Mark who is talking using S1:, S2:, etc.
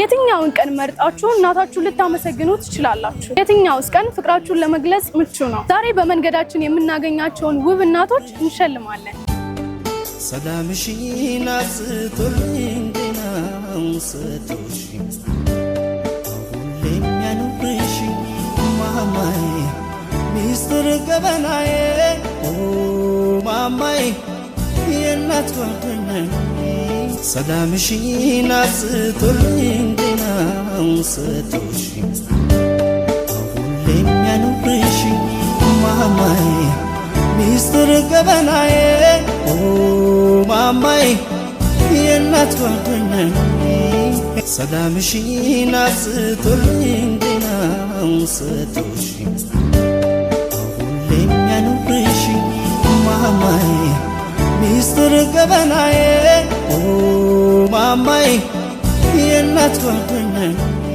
S1: የትኛውን ቀን መርጣችሁ እናታችሁን ልታመሰግኑ ትችላላችሁ? የትኛውስ ቀን ፍቅራችሁን ለመግለጽ ምቹ ነው? ዛሬ በመንገዳችን የምናገኛቸውን ውብ እናቶች እንሸልማለን።
S2: ሰላምሽን አስቶልኝ ጤና ሰቶሽ ሁለኛንሽ ማማይ ሚስጥር ገበናዬ ማማይ የእናት ጓደኛ ሰላምሽን አስቶልኝ ጤናው ሰቶሽ አሁሌም ያኑርሽ ማማዬ ሚስጥር ገበናዬ ማማዬ የእናት ጓደኛ ሰላምሽን አስቶልኝ ጤናው ሰቶሽ አሁሌም ያኑርሽ ማማዬ ሚስጥር ገበናዬ የእናት ጓደኛዬ